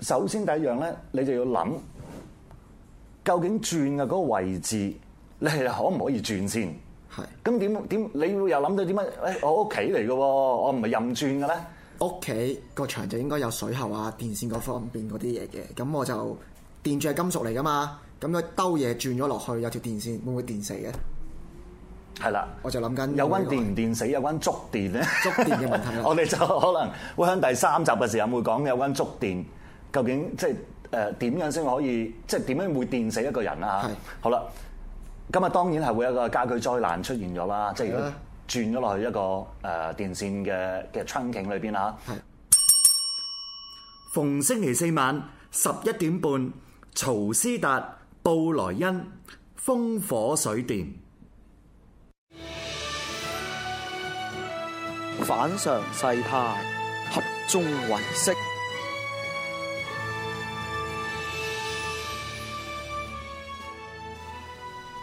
首先第一樣咧，你就要諗，究竟轉嘅嗰個位置，你係可唔可以轉先？係是的。咁點點？你會又諗到點解誒，我屋企嚟嘅喎，我唔係任轉嘅咧。屋企個牆就應該有水喉啊、電線嗰方面嗰啲嘢嘅。咁我就電柱係金屬嚟㗎嘛，咁佢兜嘢轉咗落去，有條電線，會唔會電死嘅？係啦的，我就諗緊有關電唔電,電,電死，有關觸電咧。觸電嘅問題，我哋就可能會喺第三集嘅時候會講有關觸電。究竟即係誒點樣先可以即係點樣會電死一個人啊？是 好啦，今日當然係會有一個家居災難出現咗啦，即係是的 如果轉咗落去一個誒電線嘅嘅春景裏邊啦。係，是的 逢星期四晚十一點半，曹斯達、布萊恩，《風火水電》，反常世態，合眾唯識。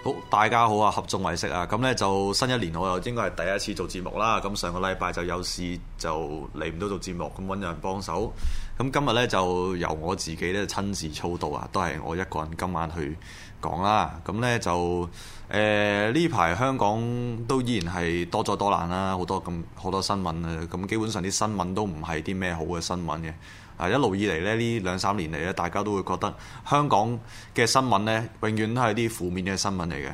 好，大家好啊！合眾唯識啊！咁呢就新一年我又應該係第一次做節目啦。咁上個禮拜就有事就嚟唔到做節目，咁揾人幫手。咁今日呢，就由我自己呢親自操刀啊，都係我一個人今晚去講啦。咁呢就誒呢排香港都依然係多災多難啦，好多咁好多新聞啊。咁基本上啲新聞都唔係啲咩好嘅新聞嘅。啊！一路以嚟咧，呢兩三年嚟咧，大家都會覺得香港嘅新聞呢，永遠都係啲負面嘅新聞嚟嘅。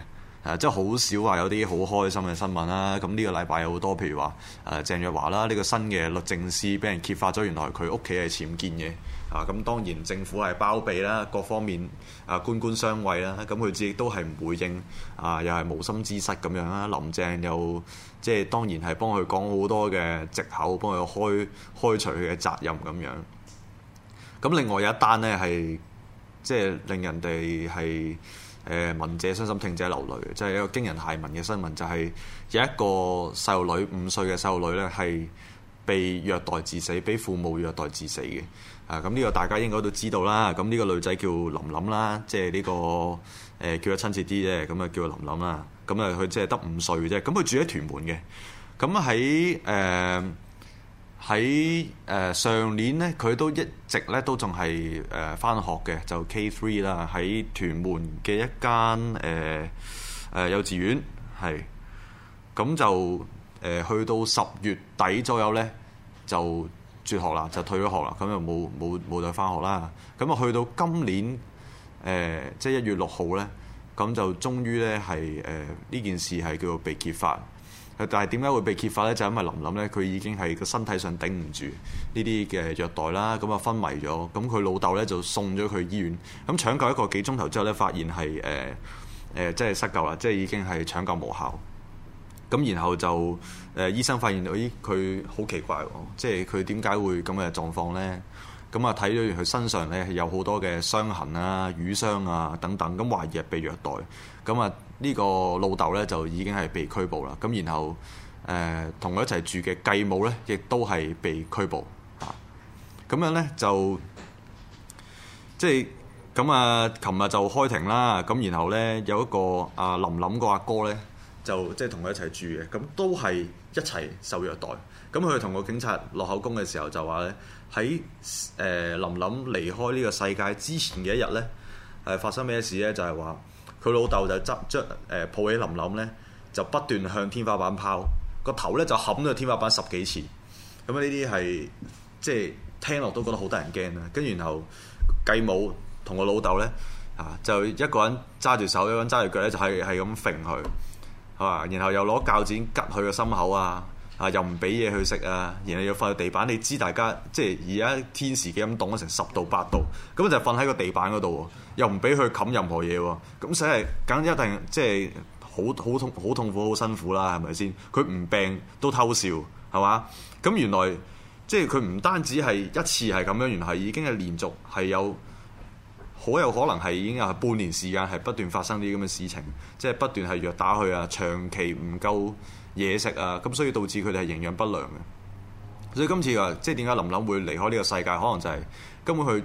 誒、啊，即係好少話有啲好開心嘅新聞啦。咁、啊、呢、這個禮拜有好多，譬如話誒鄭若驊啦，呢、這個新嘅律政司俾人揭發咗，原來佢屋企係僭建嘅。啊，咁當然政府係包庇啦，各方面啊官官相衛啦，咁、啊、佢自己都係唔回應啊，又係無心之失咁樣啦。林鄭又即係當然係幫佢講好多嘅藉口，幫佢開開除佢嘅責任咁樣。咁另外有一單呢，係即係令人哋係誒聞者傷心，聽者流淚即係、就是、一個驚人駭聞嘅新聞、就是，就係有一個細路女五歲嘅細路女呢，係被虐待致死，俾父母虐待致死嘅。啊，咁、這、呢個大家應該都知道啦。咁、這、呢個女仔叫臨臨啦，即係呢個誒叫佢親切啲啫。咁、呃、啊，叫佢臨臨啦。咁啊，佢即係得五歲啫。咁佢住喺屯門嘅。咁喺誒。呃喺誒上年咧，佢都一直咧都仲係誒返學嘅，就 K3 啦，喺屯門嘅一間誒誒、呃呃、幼稚園係。咁就誒、呃、去到十月底左右咧，就絕學啦，就退咗學啦，咁就冇冇冇再返學啦。咁啊去到今年誒即係一月六號咧，咁就終於咧係誒呢件事係叫做被揭發。但係點解會被揭發咧？就係、因為臨臨咧，佢已經係個身體上頂唔住呢啲嘅虐待啦，咁啊昏迷咗，咁佢老豆咧就送咗去醫院，咁搶救一個幾鐘頭之後咧，發現係誒誒，即係失救啦，即係已經係搶救無效。咁然後就誒、呃、醫生發現，咦佢好奇怪，啊、即係佢點解會咁嘅狀況咧？咁啊睇到佢身上咧有好多嘅傷痕啊、瘀傷啊等等，咁懷疑係被虐待，咁啊。呢個老豆呢，就已經係被拘捕啦，咁然後誒同佢一齊住嘅繼母呢，亦都係被拘捕嚇。咁樣呢，就即係咁啊，琴日就開庭啦。咁然後呢，有一個阿、啊、臨臨個阿哥，哥呢，就即係同佢一齊住嘅，咁都係一齊受虐待。咁佢同個警察落口供嘅時候就話呢，喺誒、呃、臨臨離開呢個世界之前嘅一日呢，誒、呃、發生咩事呢？就係、是、話。佢老豆就執住誒抱起臨臨咧，就不斷向天花板拋個頭咧，就冚咗天花板十幾次。咁、嗯、啊，呢啲係即係聽落都覺得好得人驚啦。跟住然後繼母同個老豆咧嚇就一個人揸住手，一個人揸住腳咧，就係係咁揈佢嚇，然後又攞鉸剪吉佢個心口啊！啊！又唔俾嘢佢食啊，然後又瞓喺地板，你知大家即係而家天時幾咁凍，咗成十度八度，咁就瞓喺個地板嗰度，又唔俾佢冚任何嘢喎，咁真係梗一定即係好好痛好痛苦好辛苦啦，係咪先？佢唔病都偷笑，係嘛？咁原來即係佢唔單止係一次係咁樣，原來已經係連續係有好有可能係已經有半年時間係不斷發生啲咁嘅事情，即係不斷係虐打佢啊，長期唔夠。嘢食啊，咁所以導致佢哋係營養不良嘅。所以今次話，即係點解臨臨會離開呢個世界，可能就係根本佢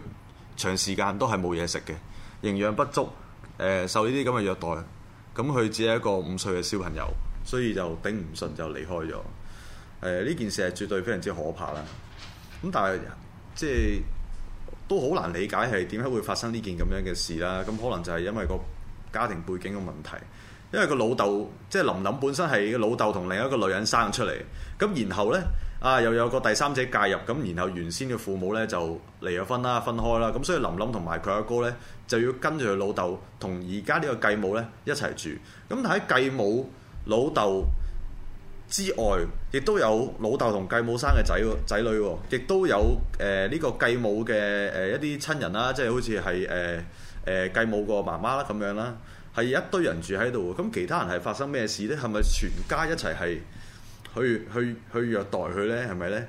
長時間都係冇嘢食嘅，營養不足。誒、呃，受呢啲咁嘅虐待，咁、嗯、佢只係一個五歲嘅小朋友，所以就頂唔順就離開咗。誒、呃，呢件事係絕對非常之可怕啦。咁但係即係都好難理解係點樣會發生呢件咁樣嘅事啦。咁可能就係因為個家庭背景嘅問題。因為個老豆即係臨臨本身係個老豆同另一個女人生出嚟，咁然後呢，啊又有個第三者介入，咁然後原先嘅父母呢就離咗婚啦、分開啦，咁所以臨臨同埋佢阿哥呢，就要跟住佢老豆同而家呢個繼母呢一齊住。咁喺繼母老豆之外，亦都有老豆同繼母生嘅仔仔女，亦都有誒呢、呃呢個繼母嘅誒、呃、一啲親人啦，即係好似係誒誒繼母個媽媽啦咁樣啦。係一堆人住喺度喎，咁其他人係發生咩事呢？係咪全家一齊係去去去虐待佢呢？係咪呢？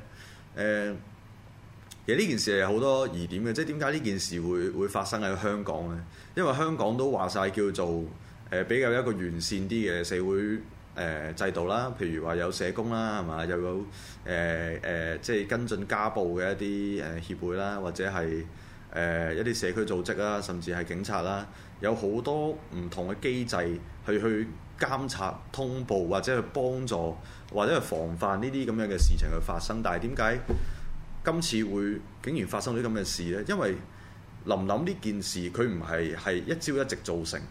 誒、其實呢件事係好多疑點嘅，即係點解呢件事會會發生喺香港呢？因為香港都話晒叫做、呃、比較一個完善啲嘅社會誒、呃、制度啦，譬如話有社工啦，係嘛，又有誒誒、呃呃、即係跟進家暴嘅一啲誒協會啦，或者係。誒、呃、一啲社區組織啦，甚至係警察啦，有好多唔同嘅機制去去監察通報，或者去幫助，或者去防範呢啲咁樣嘅事情去發生。但係點解今次會竟然發生咗咁嘅事呢？因為臨臨呢件事，佢唔係係一朝一夕造成，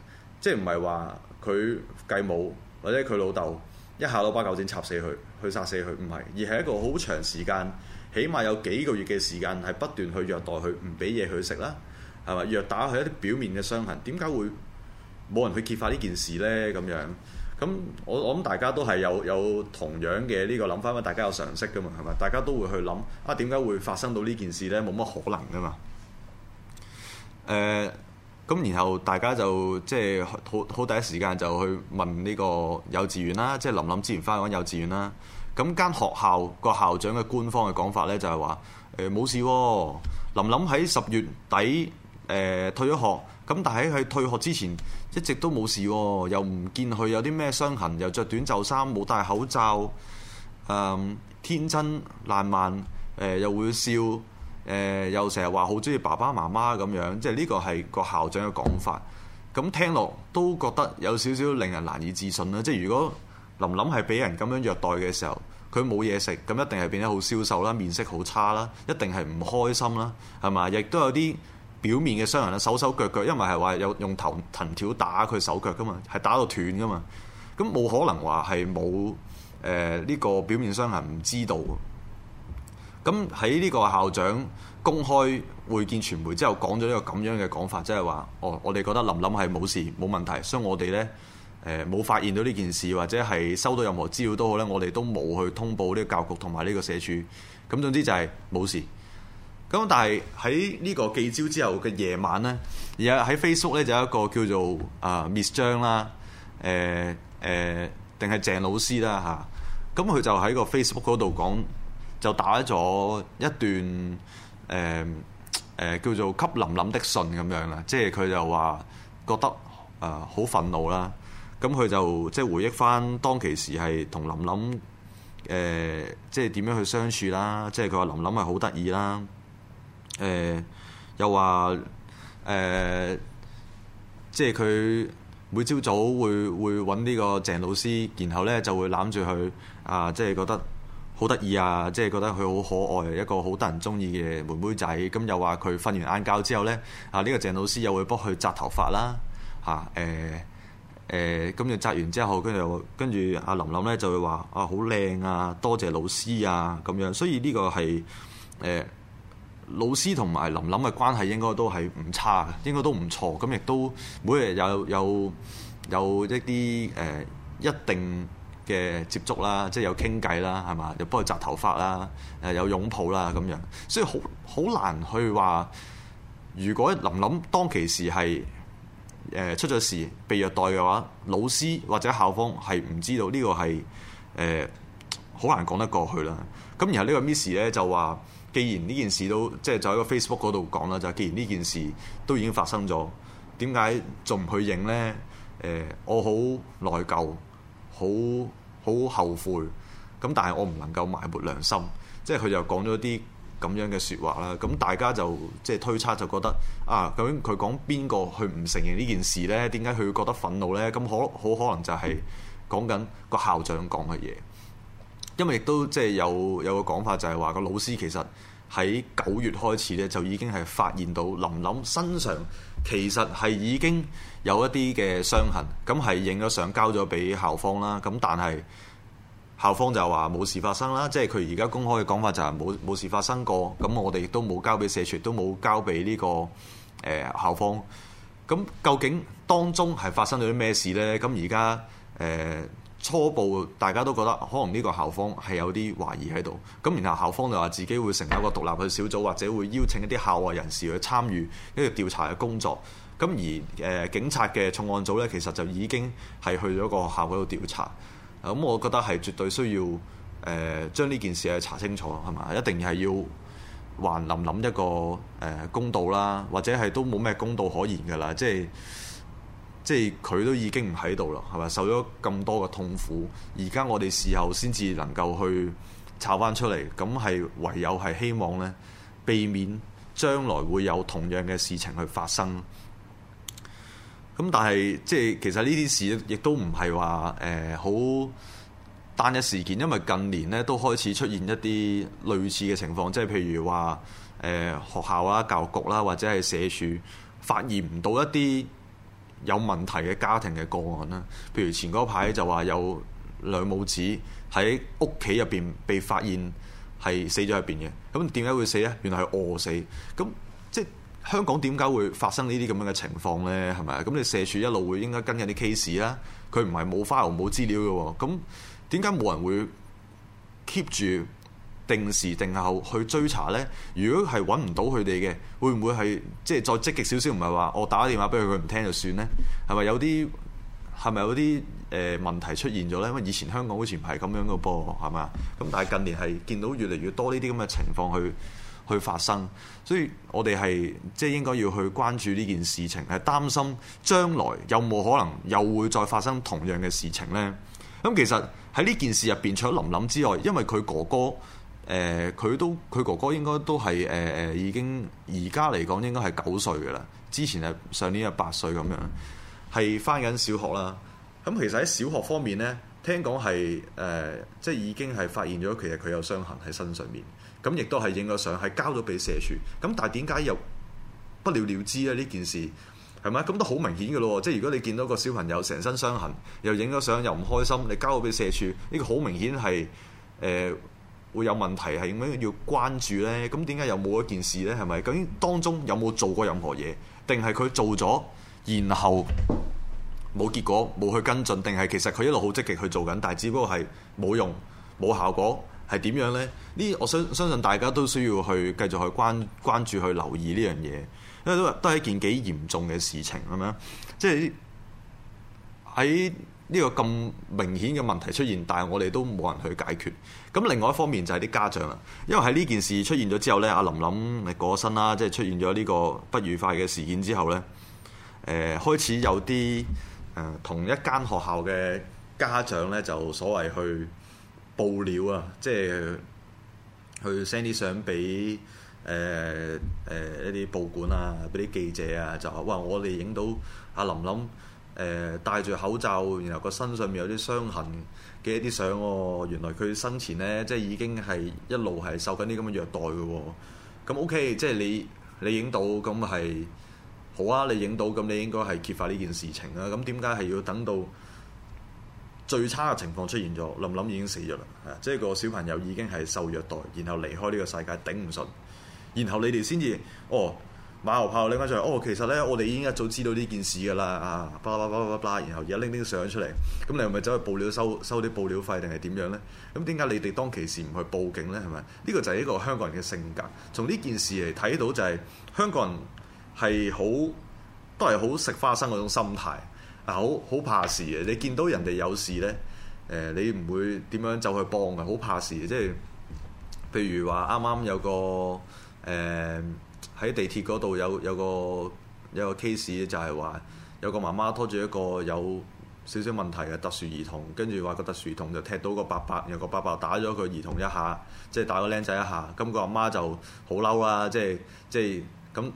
即係唔係話佢繼母或者佢老豆一下攞把鉸剪插死佢，去殺死佢，唔係，而係一個好長時間。起碼有幾個月嘅時間係不斷去虐待佢，唔俾嘢佢食啦，係咪？虐打佢一啲表面嘅傷痕，點解會冇人去揭發呢件事呢？咁樣咁，我我諗大家都係有有同樣嘅呢個諗法，因為大家有常識噶嘛，係咪？大家都會去諗啊，點解會發生到呢件事呢？冇乜可能噶嘛。誒、呃，咁然後大家就即係好好第一時間就去問呢個幼稚園啦，即係臨臨之前翻嗰間幼稚園啦。咁間學校個校長嘅官方嘅講法呢，就係話：誒冇事喎，臨臨喺十月底誒退咗學，咁但係喺佢退學之前一直都冇事喎，又唔見佢有啲咩傷痕，又着短袖衫，冇戴口罩，誒天真爛漫，誒又會笑，誒又成日話好中意爸爸媽媽咁樣，即係呢個係個校長嘅講法。咁聽落都覺得有少少令人難以置信啦。即係如果，林林係俾人咁樣虐待嘅時候，佢冇嘢食，咁一定係變得好消瘦啦，面色好差啦，一定係唔開心啦，係嘛？亦都有啲表面嘅傷痕啦，手手腳腳，因為係話有用藤藤條打佢手腳噶嘛，係打到斷噶嘛，咁冇可能話係冇誒呢個表面傷痕唔知道。咁喺呢個校長公開會見傳媒之後，講咗一個咁樣嘅講法，即係話：哦，我哋覺得林林係冇事冇問題，所以我哋呢。誒冇發現到呢件事，或者係收到任何資料都好咧，我哋都冇去通報呢個教局同埋呢個社署。咁總之就係冇事。咁但係喺呢個記招之後嘅夜晚咧，而家喺 Facebook 咧就有一個叫做啊 Miss 張啦，誒誒定係鄭老師啦嚇。咁、啊、佢就喺個 Facebook 嗰度講，就打咗一段誒誒、呃呃、叫做給臨臨的信咁樣啦，即係佢就話覺得啊好、呃、憤怒啦。咁佢就即係回憶返當其時係同琳琳，誒、呃，即係點樣去相處啦，即係佢話琳琳係好得意啦，誒、呃、又話誒、呃，即係佢每朝早會會搵呢個鄭老師，然後咧就會攬住佢啊，即係覺得好得意啊！即係覺得佢好可愛，一個好得人鍾意嘅妹妹仔。咁、嗯、又話佢瞓完晏覺之後咧啊，呢、這個鄭老師又會幫佢紮頭髮啦，嚇、啊、誒。呃誒，咁就紮完之後，跟住跟住阿臨臨咧就會話：啊好靚啊，多謝老師啊咁樣。所以呢個係誒、呃、老師同埋臨臨嘅關係應該都係唔差嘅，應該都唔錯。咁亦都每日有有有，有一啲誒、呃、一定嘅接觸啦，即係有傾偈啦，係嘛，又幫佢紮頭髮啦，誒，有擁抱啦咁樣。所以好好難去話，如果臨臨當其時係。出咗事被虐待嘅話，老師或者校方係唔知道呢、這個係誒好難講得過去啦。咁然後個呢個 Miss 咧就話，既然呢件事都即係就喺個 Facebook 嗰度講啦，就係既然呢件事都已經發生咗，點解仲唔去認呢？誒、呃，我好內疚，好好後悔。咁但係我唔能夠埋沒良心，即係佢就講咗啲。咁樣嘅説話啦，咁大家就即係推測就覺得啊，究竟佢講邊個去唔承認呢件事呢？點解佢會覺得憤怒呢？咁可好可能就係講緊個校長講嘅嘢，因為亦都即係有有個講法就係話個老師其實喺九月開始呢，就已經係發現到臨臨身上其實係已經有一啲嘅傷痕，咁係影咗相交咗俾校方啦。咁但係。校方就話冇事發生啦，即係佢而家公開嘅講法就係冇冇事發生過。咁我哋亦都冇交俾社團，都冇交俾呢、呢個誒、呃、校方。咁究竟當中係發生咗啲咩事呢？咁而家誒初步大家都覺得可能呢個校方係有啲懷疑喺度。咁然後校方就話自己會成立一個獨立嘅小組，或者會邀請一啲校外人士去參與呢個調查嘅工作。咁而誒、呃、警察嘅重案組呢，其實就已經係去咗個校嗰度調查。咁、嗯、我覺得係絕對需要誒、呃、將呢件事去查清楚，係咪？一定係要還臨臨一個誒、呃、公道啦，或者係都冇咩公道可言嘅啦。即係即係佢都已經唔喺度啦，係咪？受咗咁多嘅痛苦，而家我哋事後先至能夠去查翻出嚟，咁係唯有係希望呢，避免將來會有同樣嘅事情去發生。咁但係即係其實呢啲事亦都唔係話誒好單一事件，因為近年咧都開始出現一啲類似嘅情況，即係譬如話誒、呃、學校啊、教育局啦，或者係社署發現唔到一啲有問題嘅家庭嘅個案啦。譬如前嗰排就話有兩母子喺屋企入邊被發現係死咗入邊嘅，咁點解會死咧？原來係餓死。咁香港點解會發生呢啲咁樣嘅情況呢？係咪咁？你社署一路會應該跟緊啲 case 啦，佢唔係冇花 i 冇資料嘅喎。咁點解冇人會 keep 住定時定後去追查呢？如果係揾唔到佢哋嘅，會唔會係即係再積極少少？唔係話我打電話俾佢佢唔聽就算呢？係咪有啲係咪有啲誒問題出現咗呢？因為以前香港好似唔係咁樣嘅噃，係咪啊？咁但係近年係見到越嚟越多呢啲咁嘅情況去去發生，所以我哋係即係應該要去關注呢件事情，係擔心將來有冇可能又會再發生同樣嘅事情呢？咁、嗯、其實喺呢件事入邊，除咗臨臨之外，因為佢哥哥，誒、呃、佢都佢哥哥應該都係誒誒已經而家嚟講應該係九歲嘅啦。之前係上年係八歲咁樣，係返緊小學啦。咁、嗯、其實喺小學方面呢，聽講係誒即係已經係發現咗，其實佢有傷痕喺身上面。咁亦都係影咗相，係交咗俾社署。咁但係點解又不了了之呢？呢件事係咪咁都好明顯嘅咯？即係如果你見到個小朋友成身傷痕，又影咗相，又唔開心，你交咗俾社署，呢個好明顯係誒會有問題，係點樣要關注呢？咁點解又冇一件事呢？係咪究竟當中有冇做過任何嘢，定係佢做咗，然後冇結果，冇去跟進，定係其實佢一路好積極去做緊，但係只不過係冇用、冇效果？係點樣咧？呢，我相相信大家都需要去繼續去關關注、去留意呢樣嘢，因為都都係一件幾嚴重嘅事情，咁樣即係喺呢個咁明顯嘅問題出現，但係我哋都冇人去解決。咁另外一方面就係啲家長啦，因為喺呢件事出現咗之後呢，阿臨臨你過身啦，即係出現咗呢個不愉快嘅事件之後呢，誒、呃、開始有啲、呃、同一間學校嘅家長呢，就所謂去報料啊，即係去 send 啲相俾誒誒一啲、呃呃、報館啊，俾啲記者啊，就話：哇！我哋影到阿臨臨誒戴住口罩，然後個身上面有啲傷痕嘅一啲相喎。原來佢生前呢，即係已經係一路係受緊啲咁嘅虐待嘅喎、啊。咁 OK，即係你你影到，咁係好啊！你影到，咁你應該係揭發呢件事情啊。咁點解係要等到？最差嘅情況出現咗，臨臨已經死咗啦，即係個小朋友已經係受虐待，然後離開呢個世界，頂唔順，然後你哋先至哦，馬後炮拎翻上嚟，哦，其實呢，我哋已經一早知道呢件事噶啦，啊，巴拉巴拉然後而家拎啲相出嚟，咁你係咪走去報料收收啲報料費定係點樣呢？咁點解你哋當其時唔去報警呢？係咪？呢、這個就係一個香港人嘅性格。從呢件事嚟睇到就係、是、香港人係好都係好食花生嗰種心態。啊，好好怕事嘅，你見到人哋有事呢、呃，你唔會點樣就去幫嘅，好怕事。即係譬如話，啱啱有個誒喺、呃、地鐵嗰度有有個有個 case 就係話，有個媽媽拖住一個有少少問題嘅特殊兒童，跟住話個特殊兒童就踢到個伯伯，然後個伯伯打咗個兒童一下，即係打個僆仔一下，咁、個阿媽就好嬲啦，即係即係咁。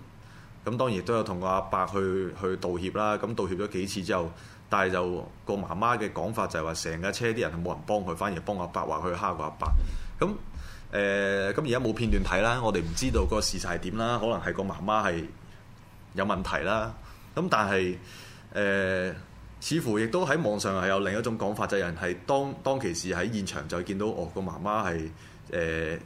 咁當然都有同個阿伯去去道歉啦。咁道歉咗幾次之後，但係就個媽媽嘅講法就係話，成架車啲人係冇人幫佢，反而幫阿伯話佢蝦個阿伯。咁誒咁而家冇片段睇啦，我哋唔知道個事實係點啦。可能係個媽媽係有問題啦。咁但係誒、呃，似乎亦都喺網上係有另一種講法，就係、是、人係當當其時喺現場就見到哦，個媽媽係誒、呃、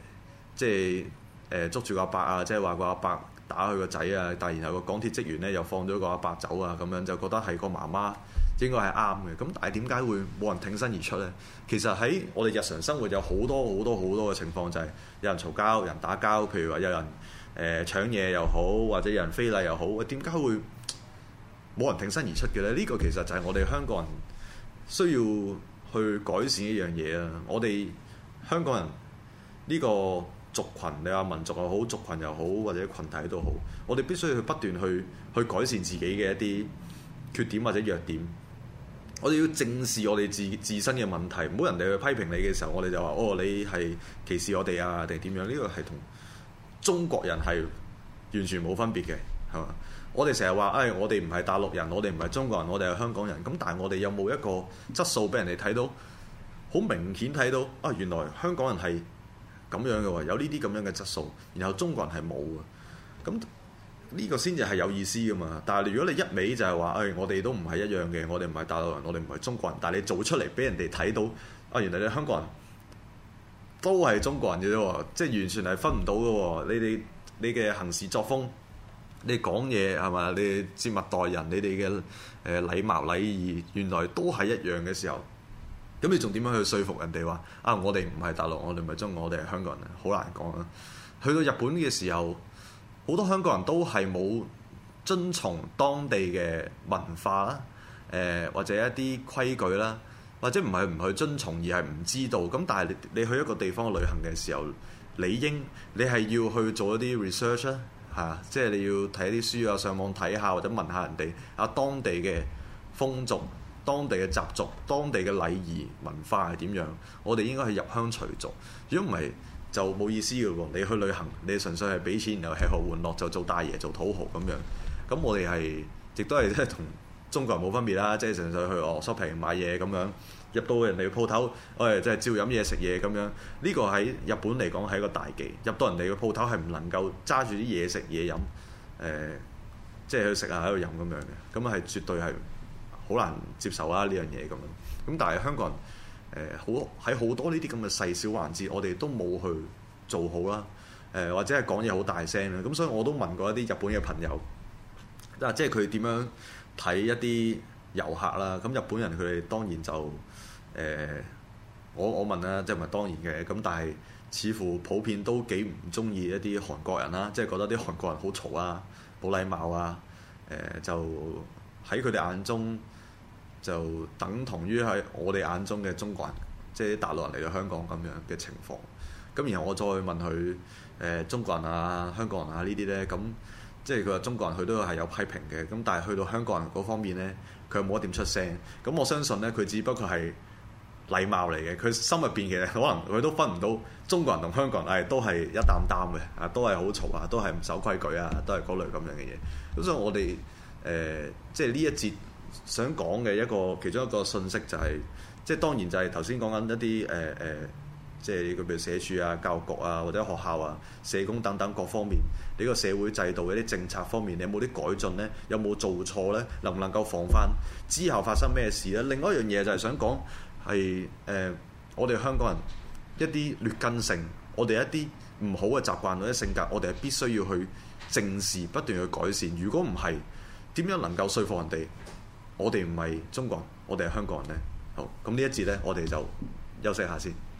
即係誒、呃、捉住個阿伯啊，即係話個阿伯。打佢個仔啊！但然後個港鐵職員呢又放咗個阿伯走啊，咁樣就覺得係個媽媽應該係啱嘅。咁但係點解會冇人挺身而出呢？其實喺我哋日常生活有好多好多好多嘅情況，就係、是、有人嘈交、有人打交，譬如話有人誒、呃、搶嘢又好，或者有人非禮又好，點解會冇人挺身而出嘅咧？呢、這個其實就係我哋香港人需要去改善一樣嘢啊！我哋香港人呢、這個。族群你話民族又好，族群又好，或者群體都好，我哋必須要去不斷去去改善自己嘅一啲缺點或者弱點。我哋要正視我哋自自身嘅問題，唔好人哋去批評你嘅時候，我哋就話：哦，你係歧視我哋啊，定點樣呢個係同中國人係完全冇分別嘅，係嘛？我哋成日話：誒、哎，我哋唔係大陸人，我哋唔係中國人，我哋係香港人。咁但係我哋有冇一個質素俾人哋睇到？好明顯睇到啊，原來香港人係。咁樣嘅喎，有呢啲咁樣嘅質素，然後中國人係冇嘅，咁、這、呢個先至係有意思㗎嘛。但係如果你一味就係話，誒、哎，我哋都唔係一樣嘅，我哋唔係大陸人，我哋唔係中國人，但係你做出嚟俾人哋睇到，啊，原來你香港人都係中國人嘅啫，即係完全係分唔到嘅喎。你哋你嘅行事作風，你講嘢係嘛，你接物待人，你哋嘅誒禮貌禮儀，原來都係一樣嘅時候。咁你仲點樣去説服人哋話啊？我哋唔係大陸，我哋唔係中國，我哋係香港人，好難講啊。去到日本嘅時候，好多香港人都係冇遵從當地嘅文化啦，誒、呃、或者一啲規矩啦，或者唔係唔去遵從而係唔知道。咁但係你，你去一個地方旅行嘅時候，理應你係要去做一啲 research 啦、啊，嚇，即係你要睇啲書啊，上網睇下或者問下人哋啊當地嘅風俗。當地嘅習俗、當地嘅禮儀文化係點樣？我哋應該係入鄉隨俗，如果唔係就冇意思嘅喎。你去旅行，你純粹係俾錢然後吃喝玩樂，就做大爺做土豪咁樣。咁我哋係亦都係即係同中國人冇分別啦，即係純粹去哦 shopping 買嘢咁樣。入到人哋嘅鋪頭，我哋，哎，即係照飲嘢食嘢咁樣。呢個喺日本嚟講係一個大忌，入到人哋嘅鋪頭係唔能夠揸住啲嘢食嘢飲，誒、呃，即係去食下喺度飲咁樣嘅，咁係絕對係。好難接受啦，呢樣嘢咁樣，咁但係香港人誒好喺好多呢啲咁嘅細小環節，我哋都冇去做好啦，誒、呃、或者係講嘢好大聲啦，咁、嗯、所以我都問過一啲日本嘅朋友，即係佢點樣睇一啲遊客啦？咁、嗯、日本人佢哋當然就誒、呃、我我問啦，即係唔係當然嘅？咁但係似乎普遍都幾唔中意一啲韓國人啦，即、就、係、是、覺得啲韓國人好嘈啊、冇禮貌啊，誒、呃、就喺佢哋眼中。就等同於喺我哋眼中嘅中國人，即係大陸人嚟到香港咁樣嘅情況。咁然後我再問佢誒、呃、中國人啊、香港人啊呢啲呢，咁即係佢話中國人佢都係有批評嘅。咁但係去到香港人嗰方面呢，佢又冇得點出聲。咁我相信呢，佢只不過係禮貌嚟嘅。佢心入邊其實可能佢都分唔到中國人同香港人，唉都係一擔擔嘅，啊都係好嘈啊，都係唔守規矩啊，都係嗰類咁樣嘅嘢。咁所以我哋誒、呃、即係呢一節。想講嘅一個其中一個信息就係、是，即係當然就係頭先講緊一啲誒誒，即係譬如社署啊、教育局啊或者學校啊、社工等等各方面，你個社會制度一啲政策方面，你有冇啲改進呢？有冇做錯呢？能唔能夠防範之後發生咩事呢？另外一樣嘢就係想講係誒，我哋香港人一啲劣根性，我哋一啲唔好嘅習慣或者性格，我哋係必須要去正視不斷去改善。如果唔係，點樣能夠説服人哋？我哋唔係中國人，我哋係香港人咧。好，咁呢一節咧，我哋就休息下先。